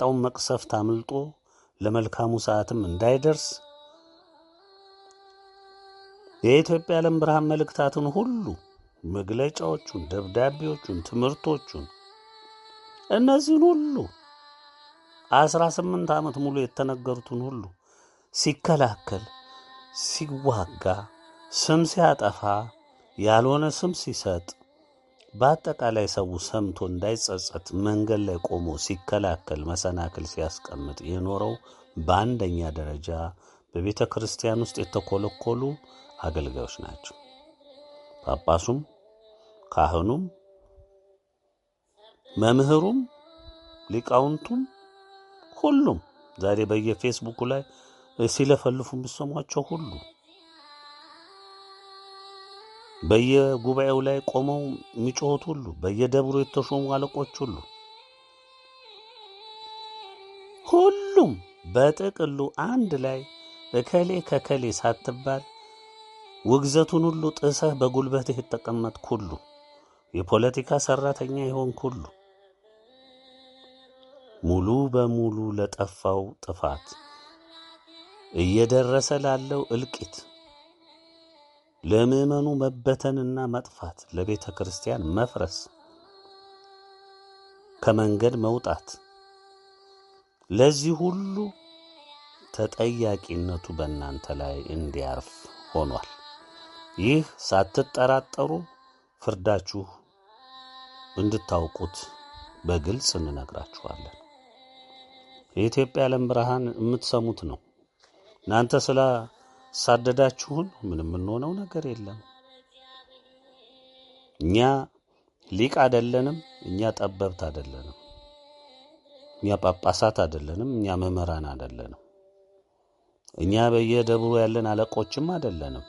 ከመጣውን መቅሰፍት አምልጦ ለመልካሙ ሰዓትም እንዳይደርስ የኢትዮጵያ ዓለም ብርሃን መልእክታትን ሁሉ መግለጫዎቹን፣ ደብዳቤዎቹን፣ ትምህርቶቹን እነዚህን ሁሉ አስራ ስምንት ዓመት ሙሉ የተነገሩትን ሁሉ ሲከላከል ሲዋጋ ስም ሲያጠፋ ያልሆነ ስም ሲሰጥ በአጠቃላይ ሰው ሰምቶ እንዳይጸጸት መንገድ ላይ ቆሞ ሲከላከል መሰናክል ሲያስቀምጥ የኖረው በአንደኛ ደረጃ በቤተ ክርስቲያን ውስጥ የተኮለኮሉ አገልጋዮች ናቸው። ጳጳሱም፣ ካህኑም፣ መምህሩም፣ ሊቃውንቱም ሁሉም ዛሬ በየፌስቡኩ ላይ ሲለፈልፉ የምትሰሟቸው ሁሉ በየጉባኤው ላይ ቆመው የሚጮሁት ሁሉ፣ በየደብሩ የተሾሙ አለቆች ሁሉ ሁሉም በጥቅሉ አንድ ላይ እከሌ ከከሌ ሳትባል ውግዘቱን ሁሉ ጥሰህ በጉልበትህ የተቀመጥክ ሁሉ የፖለቲካ ሰራተኛ የሆንክ ሁሉ ሙሉ በሙሉ ለጠፋው ጥፋት እየደረሰ ላለው እልቂት ለምእመኑ መበተንና መጥፋት፣ ለቤተ ክርስቲያን መፍረስ፣ ከመንገድ መውጣት፣ ለዚህ ሁሉ ተጠያቂነቱ በእናንተ ላይ እንዲያርፍ ሆኗል። ይህ ሳትጠራጠሩ ፍርዳችሁ እንድታውቁት በግልጽ እንነግራችኋለን። የኢትዮጵያ ዓለም ብርሃን የምትሰሙት ነው። እናንተ ስለ ሳደዳችሁን ምንም የምንሆነው ነገር የለም። እኛ ሊቅ አይደለንም። እኛ ጠበብት አይደለንም። እኛ ጳጳሳት አይደለንም። እኛ መምህራን አይደለንም። እኛ በየደብሩ ያለን አለቆችም አይደለንም።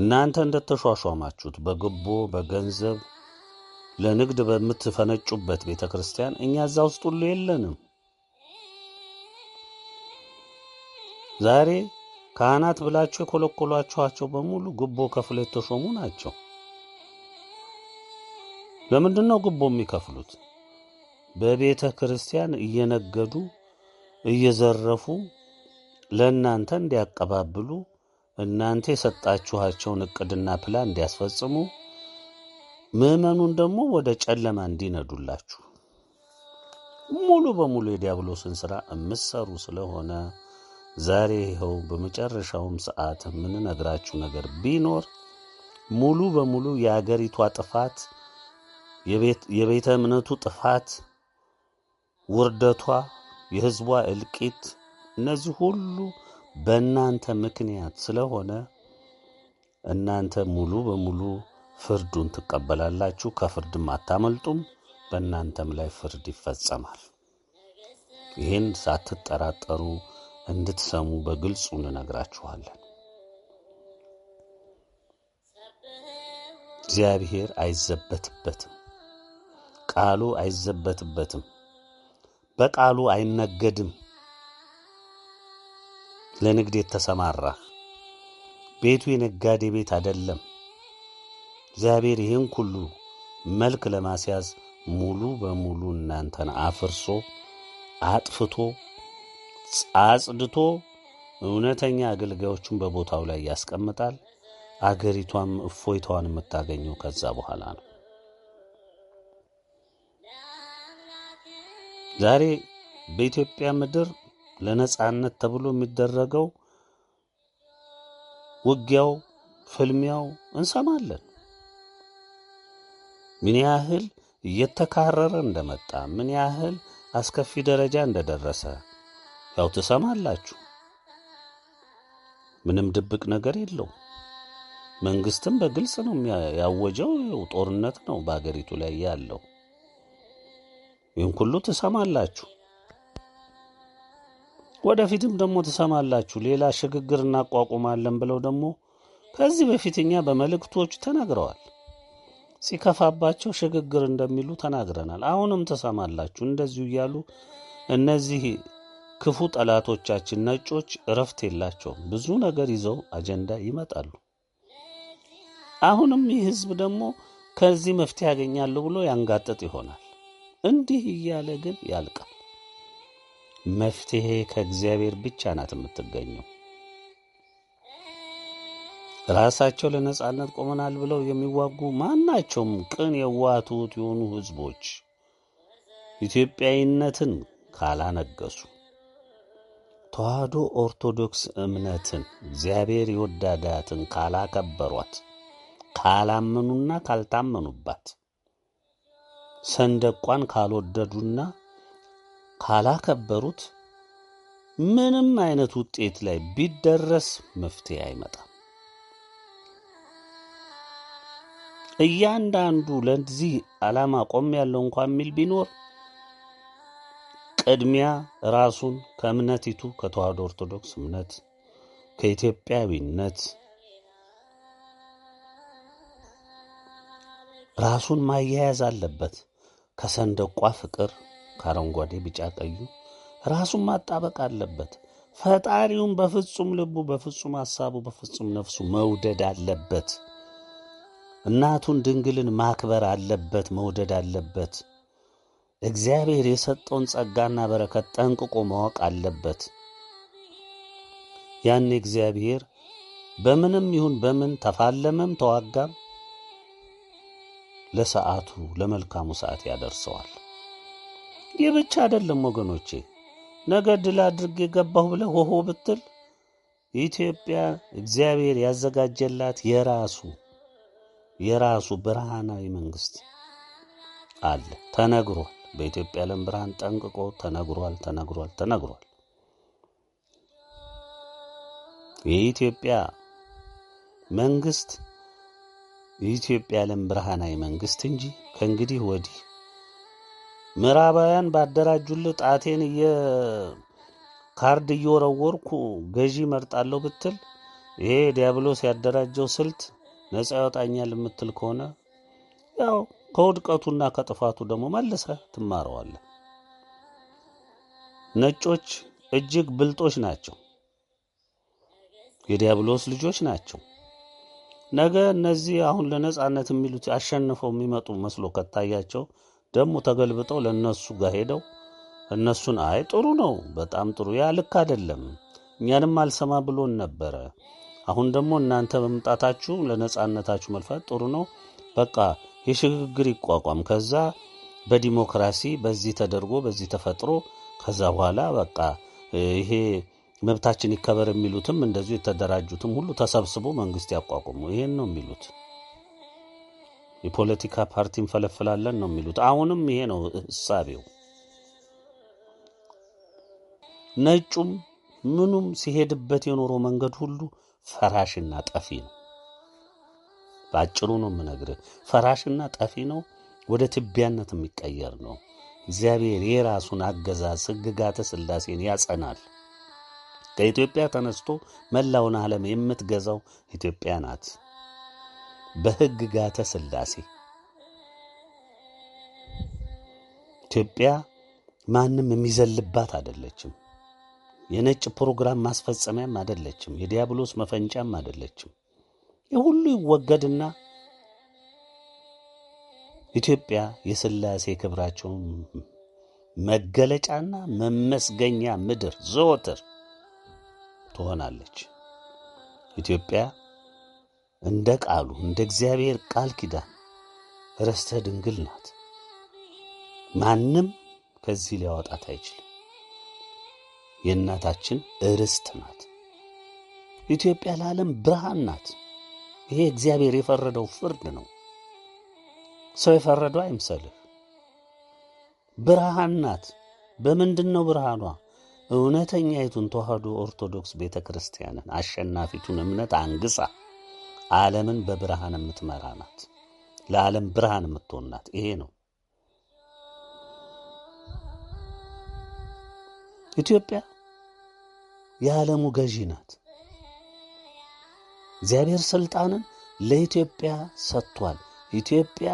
እናንተ እንደተሿሿማችሁት በግቦ በገንዘብ ለንግድ በምትፈነጩበት ቤተ ክርስቲያን እኛ እዛ ውስጥ ሁሉ የለንም። ዛሬ ካህናት ብላችሁ የኮለኮሏችኋቸው በሙሉ ጉቦ ከፍሎ የተሾሙ ናቸው። ለምንድን ነው ጉቦ የሚከፍሉት? በቤተ ክርስቲያን እየነገዱ እየዘረፉ ለእናንተ እንዲያቀባብሉ እናንተ የሰጣችኋቸውን እቅድና ፕላን እንዲያስፈጽሙ ምዕመኑን ደግሞ ወደ ጨለማ እንዲነዱላችሁ ሙሉ በሙሉ የዲያብሎስን ሥራ የምሰሩ ስለሆነ ዛሬ ይኸው በመጨረሻውም ሰዓት የምንነግራችሁ ነገር ቢኖር ሙሉ በሙሉ የአገሪቷ ጥፋት፣ የቤተ እምነቱ ጥፋት፣ ውርደቷ፣ የህዝቧ እልቂት፣ እነዚህ ሁሉ በእናንተ ምክንያት ስለሆነ እናንተ ሙሉ በሙሉ ፍርዱን ትቀበላላችሁ። ከፍርድም አታመልጡም። በእናንተም ላይ ፍርድ ይፈጸማል። ይህን ሳትጠራጠሩ እንድትሰሙ በግልጹ እንነግራችኋለን። እግዚአብሔር አይዘበትበትም። ቃሉ አይዘበትበትም። በቃሉ አይነገድም። ለንግድ የተሰማራ ቤቱ የነጋዴ ቤት አይደለም። እግዚአብሔር ይህን ሁሉ መልክ ለማስያዝ ሙሉ በሙሉ እናንተን አፍርሶ አጥፍቶ አጽድቶ እውነተኛ አገልጋዮቹን በቦታው ላይ ያስቀምጣል። አገሪቷም እፎይታዋን የምታገኘው ከዛ በኋላ ነው። ዛሬ በኢትዮጵያ ምድር ለነጻነት ተብሎ የሚደረገው ውጊያው፣ ፍልሚያው እንሰማለን። ምን ያህል እየተካረረ እንደመጣ ምን ያህል አስከፊ ደረጃ እንደደረሰ ያው ትሰማላችሁ። ምንም ድብቅ ነገር የለውም። መንግስትም በግልጽ ነው ያወጀው። ጦርነት ነው በአገሪቱ ላይ ያለው። ይህን ሁሉ ትሰማላችሁ። ወደፊትም ደግሞ ትሰማላችሁ። ሌላ ሽግግር እናቋቁማለን ብለው ደግሞ ከዚህ በፊት እኛ በመልእክቶቹ ተናግረዋል። ሲከፋባቸው ሽግግር እንደሚሉ ተናግረናል። አሁንም ትሰማላችሁ። እንደዚሁ እያሉ እነዚህ ክፉ ጠላቶቻችን ነጮች እረፍት የላቸውም። ብዙ ነገር ይዘው አጀንዳ ይመጣሉ። አሁንም ይህ ህዝብ ደግሞ ከዚህ መፍትሄ ያገኛለሁ ብሎ ያንጋጠጥ ይሆናል። እንዲህ እያለ ግን ያልቃል። መፍትሄ ከእግዚአብሔር ብቻ ናት የምትገኘው። ራሳቸው ለነጻነት ቆመናል ብለው የሚዋጉ ማናቸውም ቅን የዋቱት የሆኑ ህዝቦች ኢትዮጵያዊነትን ካላነገሱ ተዋህዶ ኦርቶዶክስ እምነትን እግዚአብሔር የወዳዳትን ካላከበሯት፣ ካላመኑና ካልታመኑባት፣ ሰንደቋን ካልወደዱና ካላከበሩት ምንም አይነት ውጤት ላይ ቢደረስ መፍትሄ አይመጣም። እያንዳንዱ ለዚህ ዓላማ ያለው እንኳ የሚል ቢኖር ቅድሚያ ራሱን ከእምነቲቱ ከተዋህዶ ኦርቶዶክስ እምነት ከኢትዮጵያዊነት ራሱን ማያያዝ አለበት። ከሰንደቋ ፍቅር ከአረንጓዴ ቢጫ ቀዩ ራሱን ማጣበቅ አለበት። ፈጣሪውን በፍጹም ልቡ፣ በፍጹም ሐሳቡ፣ በፍጹም ነፍሱ መውደድ አለበት። እናቱን ድንግልን ማክበር አለበት፣ መውደድ አለበት። እግዚአብሔር የሰጠውን ጸጋና በረከት ጠንቅቆ ማወቅ አለበት። ያን እግዚአብሔር በምንም ይሁን በምን ተፋለመም ተዋጋም ለሰዓቱ ለመልካሙ ሰዓት ያደርሰዋል። ይህ ብቻ አይደለም ወገኖቼ። ነገ ድል አድርጌ ገባሁ ብለህ ሆሆ ብትል ኢትዮጵያ እግዚአብሔር ያዘጋጀላት የራሱ የራሱ ብርሃናዊ መንግስት አለ ተነግሯል። በኢትዮጵያ ዓለም ብርሃን ጠንቅቆ ተነግሯል ተነግሯል ተነግሯል። የኢትዮጵያ መንግስት የኢትዮጵያ ዓለም ብርሃናዊ መንግስት እንጂ ከእንግዲህ ወዲህ ምዕራባውያን ባደራጁል ጣቴን ካርድ እየወረወርኩ ገዢ መርጣለሁ ብትል ይሄ ዲያብሎስ ያደራጀው ስልት ነፃ ያወጣኛል የምትል ከሆነ ያው ከውድቀቱና ከጥፋቱ ደግሞ መልሰ ትማረዋለህ። ነጮች እጅግ ብልጦች ናቸው፣ የዲያብሎስ ልጆች ናቸው። ነገ እነዚህ አሁን ለነጻነት የሚሉት አሸንፈው የሚመጡ መስሎ ከታያቸው ደግሞ ተገልብጠው ለእነሱ ጋር ሄደው እነሱን አይ ጥሩ ነው፣ በጣም ጥሩ፣ ያ ልክ አይደለም፣ እኛንም አልሰማ ብሎን ነበረ። አሁን ደግሞ እናንተ መምጣታችሁ ለነጻነታችሁ መልፋት ጥሩ ነው በቃ የሽግግር ይቋቋም ከዛ በዲሞክራሲ በዚህ ተደርጎ በዚህ ተፈጥሮ ከዛ በኋላ በቃ ይሄ መብታችን ይከበር የሚሉትም እንደዚሁ የተደራጁትም ሁሉ ተሰብስቦ መንግስት ያቋቁሙ። ይሄን ነው የሚሉት። የፖለቲካ ፓርቲ እንፈለፍላለን ነው የሚሉት። አሁንም ይሄ ነው እሳቤው። ነጩም ምኑም ሲሄድበት የኖረው መንገድ ሁሉ ፈራሽና ጠፊ ነው። በአጭሩ ነው የምነግርህ። ፈራሽና ጠፊ ነው፣ ወደ ትቢያነት የሚቀየር ነው። እግዚአብሔር የራሱን አገዛዝ ሕግጋተ ሥላሴን ያጸናል። ከኢትዮጵያ ተነስቶ መላውን ዓለም የምትገዛው ኢትዮጵያ ናት። በሕግጋተ ሥላሴ ኢትዮጵያ ማንም የሚዘልባት አይደለችም። የነጭ ፕሮግራም ማስፈጸሚያም አይደለችም። የዲያብሎስ መፈንጫም አይደለችም። የሁሉ ይወገድና ኢትዮጵያ የሥላሴ ክብራቸውን መገለጫና መመስገኛ ምድር ዘወትር ትሆናለች። ኢትዮጵያ እንደ ቃሉ እንደ እግዚአብሔር ቃል ኪዳን ርስተ ድንግል ናት። ማንም ከዚህ ሊያወጣት አይችልም። የእናታችን ርስት ናት። ኢትዮጵያ ለዓለም ብርሃን ናት። ይሄ እግዚአብሔር የፈረደው ፍርድ ነው። ሰው የፈረደው አይምሰልህ። ብርሃን ናት። በምንድን ነው ብርሃኗ? እውነተኛይቱን ተዋህዶ ኦርቶዶክስ ቤተ ክርስቲያንን አሸናፊቱን እምነት አንግሳ ዓለምን በብርሃን የምትመራ ናት። ለዓለም ብርሃን የምትሆን ናት። ይሄ ነው ኢትዮጵያ የዓለሙ ገዢ ናት። እግዚአብሔር ስልጣንን ለኢትዮጵያ ሰጥቷል። ኢትዮጵያ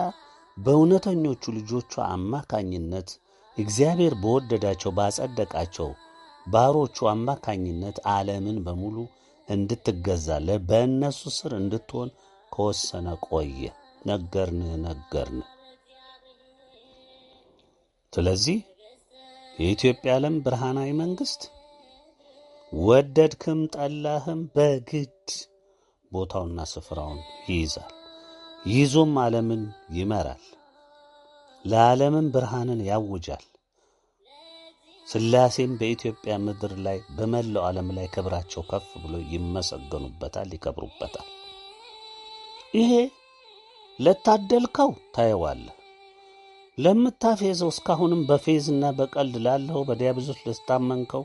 በእውነተኞቹ ልጆቹ አማካኝነት እግዚአብሔር በወደዳቸው ባጸደቃቸው ባሮቹ አማካኝነት ዓለምን በሙሉ እንድትገዛለ በእነሱ ስር እንድትሆን ከወሰነ ቆየ። ነገርን ነገርን። ስለዚህ የኢትዮጵያ ዓለም ብርሃናዊ መንግሥት ወደድክም ጠላህም በግድ ቦታውና ስፍራውን ይይዛል። ይዞም ዓለምን ይመራል። ለዓለምም ብርሃንን ያውጃል። ሥላሴም በኢትዮጵያ ምድር ላይ በመላው ዓለም ላይ ክብራቸው ከፍ ብሎ ይመሰገኑበታል፣ ይከብሩበታል። ይሄ ለታደልከው ታየዋለህ፣ ለምታፌዘው እስካሁንም በፌዝና በቀልድ ላለው በዲያብሎስ ልስታመንከው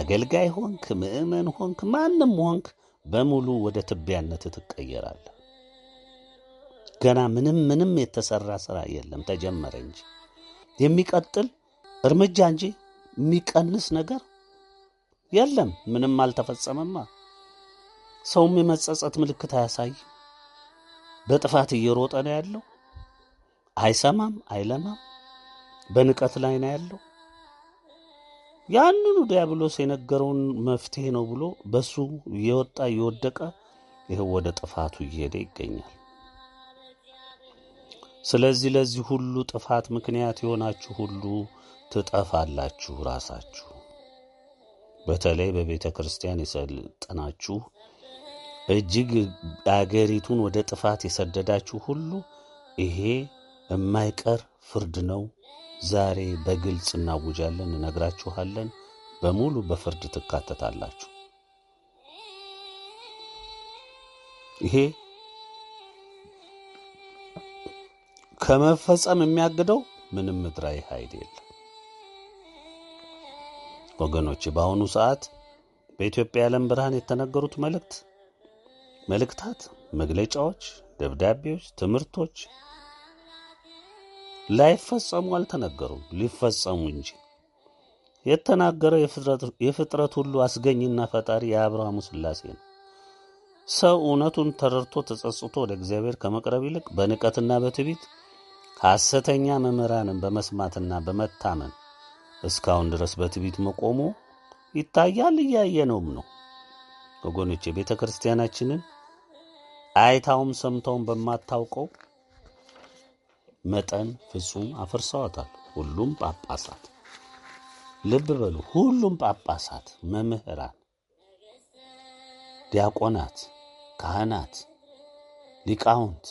አገልጋይ ሆንክ፣ ምእመን ሆንክ፣ ማንም ሆንክ በሙሉ ወደ ትቢያነት ትቀየራለህ። ገና ምንም ምንም የተሰራ ስራ የለም፣ ተጀመረ እንጂ የሚቀጥል እርምጃ እንጂ የሚቀንስ ነገር የለም። ምንም አልተፈጸመማ። ሰውም የመጸጸት ምልክት አያሳይም። በጥፋት እየሮጠ ነው ያለው። አይሰማም፣ አይለማም። በንቀት ላይ ነው ያለው። ያንኑ ዲያብሎስ የነገረውን መፍትሄ ነው ብሎ በሱ እየወጣ እየወደቀ ይህ ወደ ጥፋቱ እየሄደ ይገኛል። ስለዚህ ለዚህ ሁሉ ጥፋት ምክንያት የሆናችሁ ሁሉ ትጠፋላችሁ። ራሳችሁ በተለይ በቤተ ክርስቲያን የሰልጠናችሁ እጅግ አገሪቱን ወደ ጥፋት የሰደዳችሁ ሁሉ ይሄ የማይቀር ፍርድ ነው ዛሬ በግልጽ እናውጃለን፣ እነግራችኋለን። በሙሉ በፍርድ ትካተታላችሁ። ይሄ ከመፈጸም የሚያግደው ምንም ምድራዊ ኃይል የለም። ወገኖች በአሁኑ ሰዓት በኢትዮጵያ የዓለም ብርሃን የተነገሩት መልእክት መልእክታት፣ መግለጫዎች፣ ደብዳቤዎች፣ ትምህርቶች ላይፈጸሙ አልተነገሩም፣ ሊፈጸሙ እንጂ የተናገረው የፍጥረት ሁሉ አስገኝና ፈጣሪ የአብርሃሙ ሥላሴ ነው። ሰው እውነቱን ተረድቶ ተጸጽቶ ወደ እግዚአብሔር ከመቅረብ ይልቅ በንቀትና በትቢት ሐሰተኛ መምህራንን በመስማትና በመታመን እስካሁን ድረስ በትቢት መቆሙ ይታያል፣ እያየነውም ነው። ወገኖቼ ቤተ ክርስቲያናችንን አይታውም ሰምተውም በማታውቀው መጠን ፍጹም አፈርሰዋታል። ሁሉም ጳጳሳት ልብ በሉ፣ ሁሉም ጳጳሳት፣ መምህራን፣ ዲያቆናት፣ ካህናት፣ ሊቃውንት፣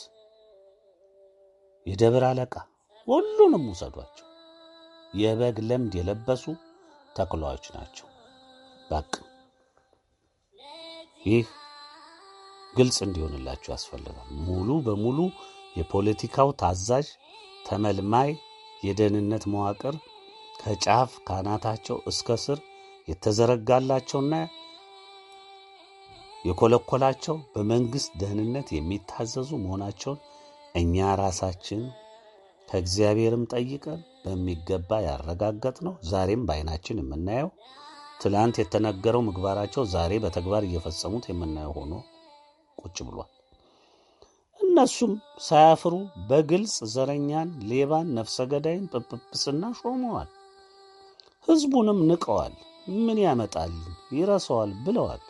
የደብር አለቃ ሁሉንም ውሰዷቸው። የበግ ለምድ የለበሱ ተኩላዎች ናቸው። በቅ ይህ ግልጽ እንዲሆንላቸው ያስፈልጋል። ሙሉ በሙሉ የፖለቲካው ታዛዥ፣ ተመልማይ፣ የደህንነት መዋቅር ከጫፍ ካናታቸው እስከ ስር የተዘረጋላቸውና የኮለኮላቸው በመንግሥት ደህንነት የሚታዘዙ መሆናቸውን እኛ ራሳችን ከእግዚአብሔርም ጠይቀን በሚገባ ያረጋገጥ ነው። ዛሬም በዓይናችን የምናየው ትላንት የተነገረው ምግባራቸው ዛሬ በተግባር እየፈጸሙት የምናየው ሆኖ ቁጭ ብሏል። እነሱም ሳያፍሩ በግልጽ ዘረኛን፣ ሌባን፣ ነፍሰ ገዳይን ጵጵስና ሾመዋል። ሕዝቡንም ንቀዋል። ምን ያመጣል ይረሰዋል ብለዋል።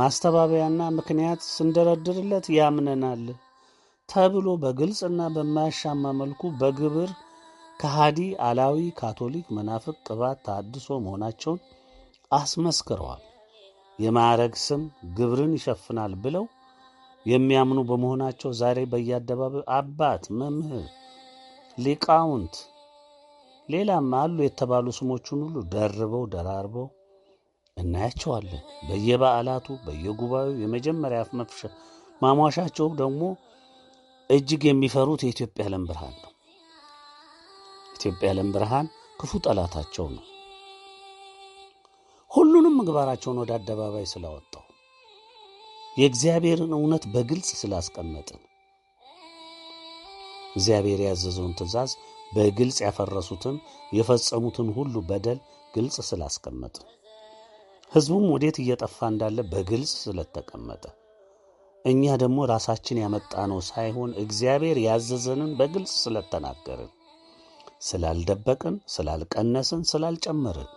ማስተባበያና ምክንያት ስንደረድርለት ያምነናል ተብሎ በግልጽና በማያሻማ መልኩ በግብር ከሃዲ አላዊ፣ ካቶሊክ፣ መናፍቅ፣ ቅባት፣ ታድሶ መሆናቸውን አስመስክረዋል። የማዕረግ ስም ግብርን ይሸፍናል ብለው የሚያምኑ በመሆናቸው ዛሬ በየአደባባዩ አባት፣ መምህር፣ ሊቃውንት ሌላም አሉ የተባሉ ስሞቹን ሁሉ ደርበው ደራርበው እናያቸዋለን። በየበዓላቱ በየጉባኤው የመጀመሪያ አፍ መፍሻ ማሟሻቸው ደግሞ እጅግ የሚፈሩት የኢትዮጵያ ዓለም ብርሃን ነው። ኢትዮጵያ ዓለም ብርሃን ክፉ ጠላታቸው ነው። ሁሉንም ምግባራቸውን ወደ አደባባይ ስላወጡ የእግዚአብሔርን እውነት በግልጽ ስላስቀመጥን እግዚአብሔር ያዘዘውን ትእዛዝ በግልጽ ያፈረሱትን የፈጸሙትን ሁሉ በደል ግልጽ ስላስቀመጥን ሕዝቡም ወዴት እየጠፋ እንዳለ በግልጽ ስለተቀመጠ እኛ ደግሞ ራሳችን ያመጣነው ሳይሆን እግዚአብሔር ያዘዘንን በግልጽ ስለተናገርን ስላልደበቅን፣ ስላልቀነስን፣ ስላልጨመርን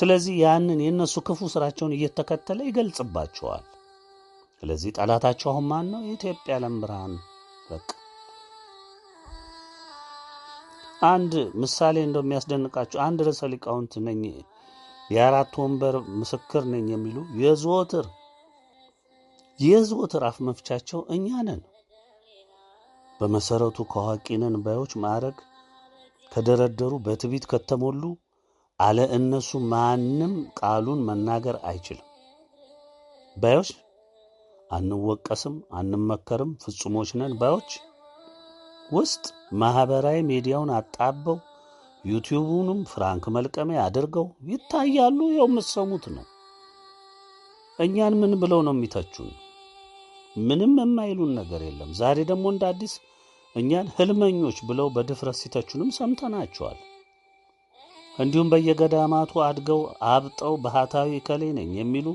ስለዚህ ያንን የእነሱ ክፉ ስራቸውን እየተከተለ ይገልጽባቸዋል። ስለዚህ ጠላታቸው አሁን ማን ነው? የኢትዮጵያ ዓለም ብርሃን። በቃ አንድ ምሳሌ እንደሚያስደንቃቸው አንድ ርዕሰ ሊቃውንት ነኝ የአራት ወንበር ምስክር ነኝ የሚሉ የዘወትር የዘወትር አፍ መፍቻቸው እኛ ነን። በመሰረቱ ከዋቂነን ባዮች ማዕረግ ከደረደሩ በትቢት ከተሞሉ አለ እነሱ ማንም ቃሉን መናገር አይችልም ባዮች አንወቀስም፣ አንመከርም፣ ፍጹሞች ነን ባዮች ውስጥ ማኅበራዊ ሚዲያውን አጣበው ዩቲዩቡንም ፍራንክ መልቀሚያ አድርገው ይታያሉ። ያው የምትሰሙት ነው። እኛን ምን ብለው ነው የሚተቹን? ምንም የማይሉን ነገር የለም። ዛሬ ደግሞ እንደ አዲስ እኛን ህልመኞች ብለው በድፍረት ሲተቹንም ሰምተናቸዋል። እንዲሁም በየገዳማቱ አድገው አብጠው ባህታዊ እከሌ ነኝ የሚሉ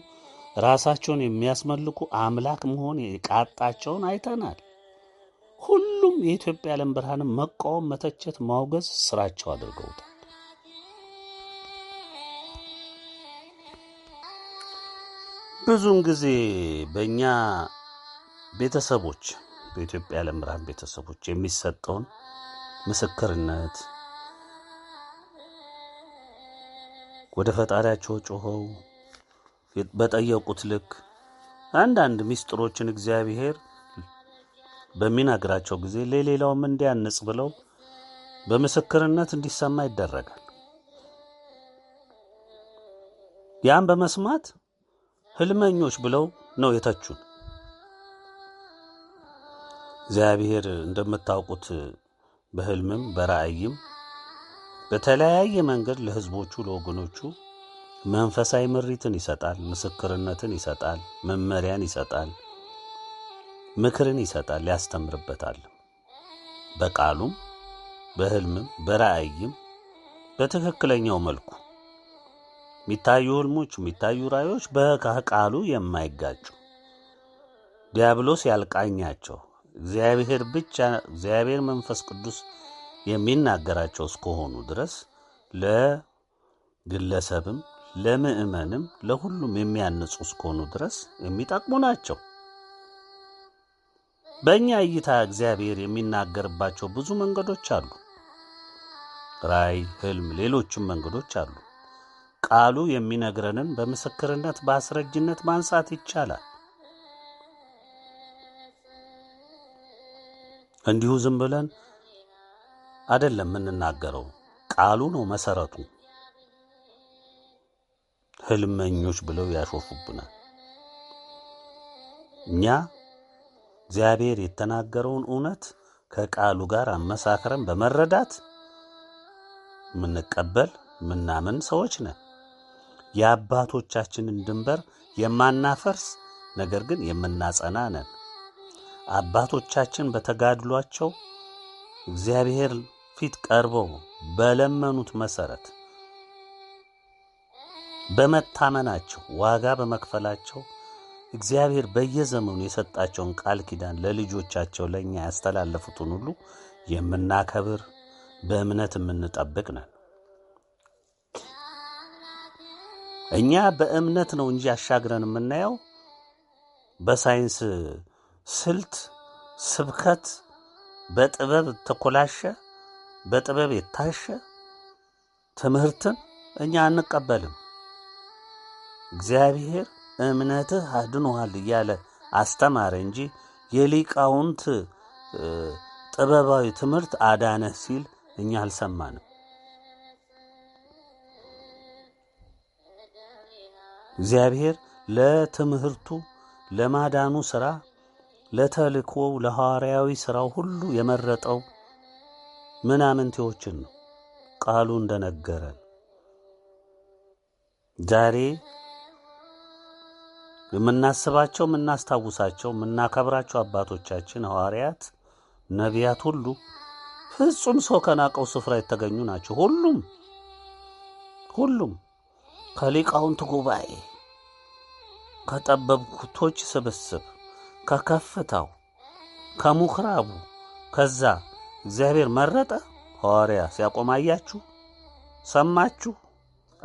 ራሳቸውን የሚያስመልኩ አምላክ መሆን የቃጣቸውን አይተናል። ሁሉም የኢትዮጵያ ዓለም ብርሃን መቃወም፣ መተቸት፣ ማውገዝ ስራቸው አድርገውታል። ብዙውን ጊዜ በእኛ ቤተሰቦች በኢትዮጵያ ዓለም ብርሃን ቤተሰቦች የሚሰጠውን ምስክርነት ወደ ፈጣሪያቸው ጮኸው በጠየቁት ልክ አንዳንድ ምስጢሮችን እግዚአብሔር በሚነግራቸው ጊዜ ለሌላውም እንዲያንጽ ብለው በምስክርነት እንዲሰማ ይደረጋል። ያን በመስማት ህልመኞች ብለው ነው የተቹን። እግዚአብሔር እንደምታውቁት በህልምም በራእይም በተለያየ መንገድ ለህዝቦቹ ለወገኖቹ መንፈሳዊ ምሪትን ይሰጣል፣ ምስክርነትን ይሰጣል፣ መመሪያን ይሰጣል፣ ምክርን ይሰጣል፣ ያስተምርበታል። በቃሉም በህልምም በራእይም በትክክለኛው መልኩ የሚታዩ ህልሞች የሚታዩ ራእዮች በቃሉ የማይጋጩ ዲያብሎስ ያልቃኛቸው እግዚአብሔር ብቻ እግዚአብሔር መንፈስ ቅዱስ የሚናገራቸው እስከሆኑ ድረስ ለግለሰብም ለምእመንም ለሁሉም የሚያንጹ እስከሆኑ ድረስ የሚጠቅሙ ናቸው። በእኛ እይታ እግዚአብሔር የሚናገርባቸው ብዙ መንገዶች አሉ። ራእይ፣ ህልም፣ ሌሎችም መንገዶች አሉ። ቃሉ የሚነግረንን በምስክርነት በአስረጅነት ማንሳት ይቻላል። እንዲሁ ዝም ብለን አይደለም የምንናገረው፣ ቃሉ ነው መሰረቱ። ህልመኞች ብለው ያሾፉብናል። እኛ እግዚአብሔር የተናገረውን እውነት ከቃሉ ጋር አመሳክረን በመረዳት የምንቀበል ምናምን ሰዎች ነን። የአባቶቻችንን ድንበር የማናፈርስ ነገር ግን የምናጸና ነን። አባቶቻችን በተጋድሏቸው እግዚአብሔር ፊት ቀርበው በለመኑት መሰረት በመታመናቸው ዋጋ በመክፈላቸው እግዚአብሔር በየዘመኑ የሰጣቸውን ቃል ኪዳን ለልጆቻቸው ለእኛ ያስተላለፉትን ሁሉ የምናከብር በእምነት የምንጠብቅ ነን። እኛ በእምነት ነው እንጂ አሻግረን የምናየው በሳይንስ ስልት ስብከት በጥበብ ተኮላሸ በጥበብ የታሸ ትምህርትን እኛ አንቀበልም። እግዚአብሔር እምነትህ አድኖሃል እያለ አስተማረ እንጂ የሊቃውንት ጥበባዊ ትምህርት አዳነህ ሲል እኛ አልሰማንም። እግዚአብሔር ለትምህርቱ ለማዳኑ ስራ ለተልእኮው ለሐዋርያዊ ስራው ሁሉ የመረጠው ምናምንቴዎችን ነው። ቃሉ እንደነገረን ዛሬ የምናስባቸው፣ የምናስታውሳቸው፣ የምናከብራቸው አባቶቻችን ሐዋርያት፣ ነቢያት ሁሉ ፍጹም ሰው ከናቀው ስፍራ የተገኙ ናቸው። ሁሉም ሁሉም ከሊቃውንት ጉባኤ፣ ከጠበብኩቶች ስብስብ፣ ከከፍታው፣ ከሙክራቡ ከዛ እግዚአብሔር መረጠ። ሐዋርያ ሲያቆማያችሁ ሰማችሁ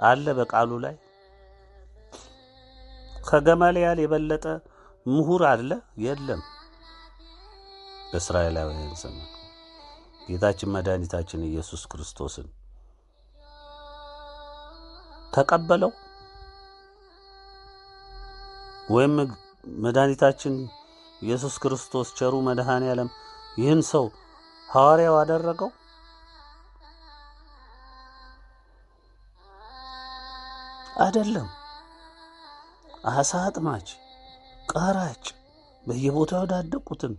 አለ በቃሉ ላይ ከገማልያል የበለጠ ምሁር አለ? የለም። በእስራኤላውያን ዘመን ጌታችን መድኃኒታችን ኢየሱስ ክርስቶስን ተቀበለው ወይም መድኃኒታችን ኢየሱስ ክርስቶስ ቸሩ መድኃኔ ዓለም ይህን ሰው ሐዋርያው አደረገው? አይደለም። አሳ አጥማች፣ ቀራጭ በየቦታው ያዳደቁትን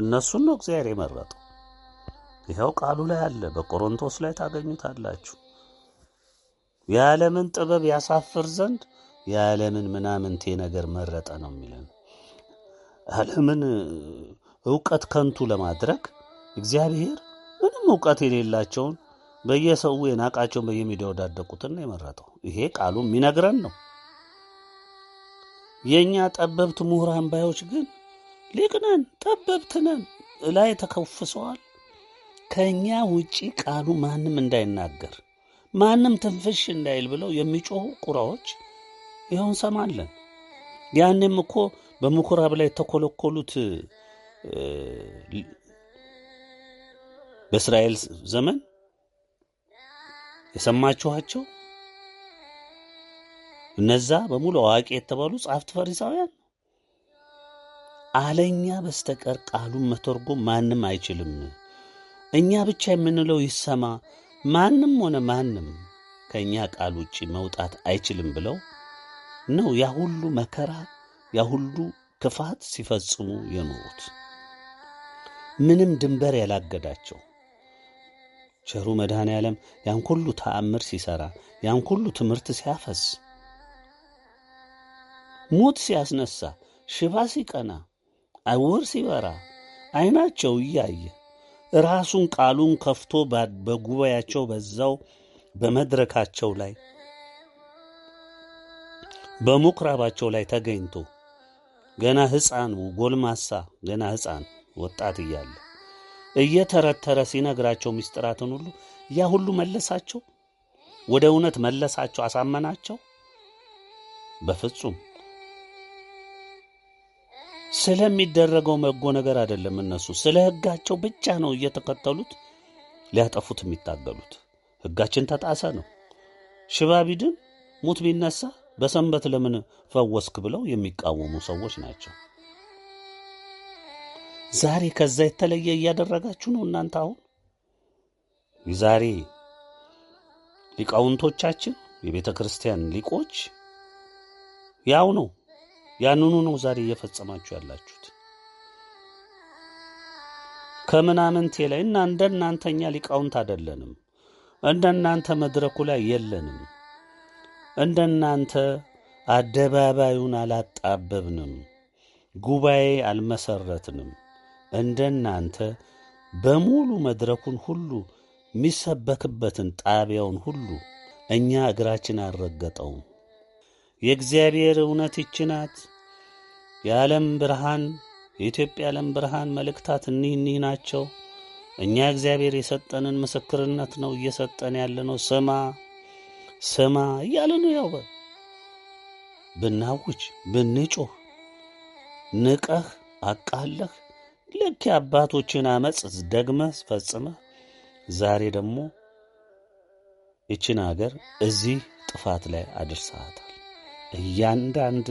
እነሱን ነው እግዚአብሔር የመረጠው። ይኸው ቃሉ ላይ አለ፣ በቆሮንቶስ ላይ ታገኙታላችሁ። የዓለምን ጥበብ ያሳፍር ዘንድ የዓለምን ምናምንቴ ነገር መረጠ ነው የሚለን። ዓለምን እውቀት ከንቱ ለማድረግ እግዚአብሔር ምንም እውቀት የሌላቸውን በየሰው የናቃቸውን በየሚዲያው ዳደቁትን ነው የመረጠው። ይሄ ቃሉ የሚነግረን ነው። የእኛ ጠበብት ምሁራን ባዮች ግን ሊቅነን ጠበብትነን ላይ ተከፍሰዋል። ከእኛ ውጪ ቃሉ ማንም እንዳይናገር ማንም ትንፍሽ እንዳይል ብለው የሚጮሁ ቁራዎች ይኸው እንሰማለን። ያኔም እኮ በምኩራብ ላይ የተኮለኮሉት በእስራኤል ዘመን የሰማችኋቸው እነዛ በሙሉ አዋቂ የተባሉ ጸሐፍት ፈሪሳውያን አለኛ በስተቀር ቃሉን መተርጎም ማንም አይችልም። እኛ ብቻ የምንለው ይሰማ፣ ማንም ሆነ ማንም ከእኛ ቃል ውጪ መውጣት አይችልም ብለው ነው ያ ሁሉ መከራ ያ ሁሉ ክፋት ሲፈጽሙ የኖሩት። ምንም ድንበር ያላገዳቸው ቸሩ መድኃኔ ዓለም ያን ሁሉ ተአምር ሲሠራ ያን ሁሉ ትምህርት ሲያፈስ ሙት ሲያስነሳ፣ ሽባ ሲቀና፣ አይውር ሲበራ አይናቸው እያየ ራሱን ቃሉን ከፍቶ በጉባኤያቸው በዛው በመድረካቸው ላይ በምኵራባቸው ላይ ተገኝቶ ገና ሕፃኑ ጎልማሳ ገና ሕፃን ወጣት እያለ እየተረተረ ሲነግራቸው ምስጢራትን ሁሉ ያ ሁሉ መለሳቸው፣ ወደ እውነት መለሳቸው፣ አሳመናቸው በፍጹም ስለሚደረገው መጎ ነገር አይደለም። እነሱ ስለ ሕጋቸው ብቻ ነው እየተከተሉት ሊያጠፉት የሚታገሉት። ሕጋችን ተጣሰ ነው። ሽባ ቢድን ሙት ቢነሳ በሰንበት ለምን ፈወስክ ብለው የሚቃወሙ ሰዎች ናቸው። ዛሬ ከዛ የተለየ እያደረጋችሁ ነው እናንተ። አሁን ዛሬ ሊቃውንቶቻችን የቤተ ክርስቲያን ሊቆች ያው ነው ያንኑ ነው ዛሬ እየፈጸማችሁ ያላችሁት። ከምናምንቴ ላይ እና እንደ እናንተኛ ሊቃውንት አይደለንም። እንደ እናንተ መድረኩ ላይ የለንም። እንደ እናንተ አደባባዩን አላጣበብንም። ጉባኤ አልመሰረትንም። እንደ እናንተ በሙሉ መድረኩን ሁሉ የሚሰበክበትን ጣቢያውን ሁሉ እኛ እግራችን አልረገጠውም። የእግዚአብሔር እውነት ይችናት የዓለም ብርሃን የኢትዮጵያ ዓለም ብርሃን መልእክታት እኒህ እኒህ ናቸው። እኛ እግዚአብሔር የሰጠንን ምስክርነት ነው እየሰጠን ያለ ነው። ስማ ስማ እያለ ነው። ያው ብናውጅ ብንጮህ ንቀህ አቃለህ ልክ የአባቶችን አመፅ ደግመህ ፈጽመህ ዛሬ ደግሞ ይችን አገር እዚህ ጥፋት ላይ አድርሰሃታል። እያንዳንድ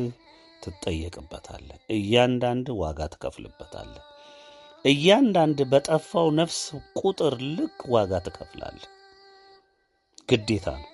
ትጠየቅበታለህ፣ እያንዳንድ ዋጋ ትከፍልበታለህ፣ እያንዳንድ በጠፋው ነፍስ ቁጥር ልክ ዋጋ ትከፍላለህ። ግዴታ ነው።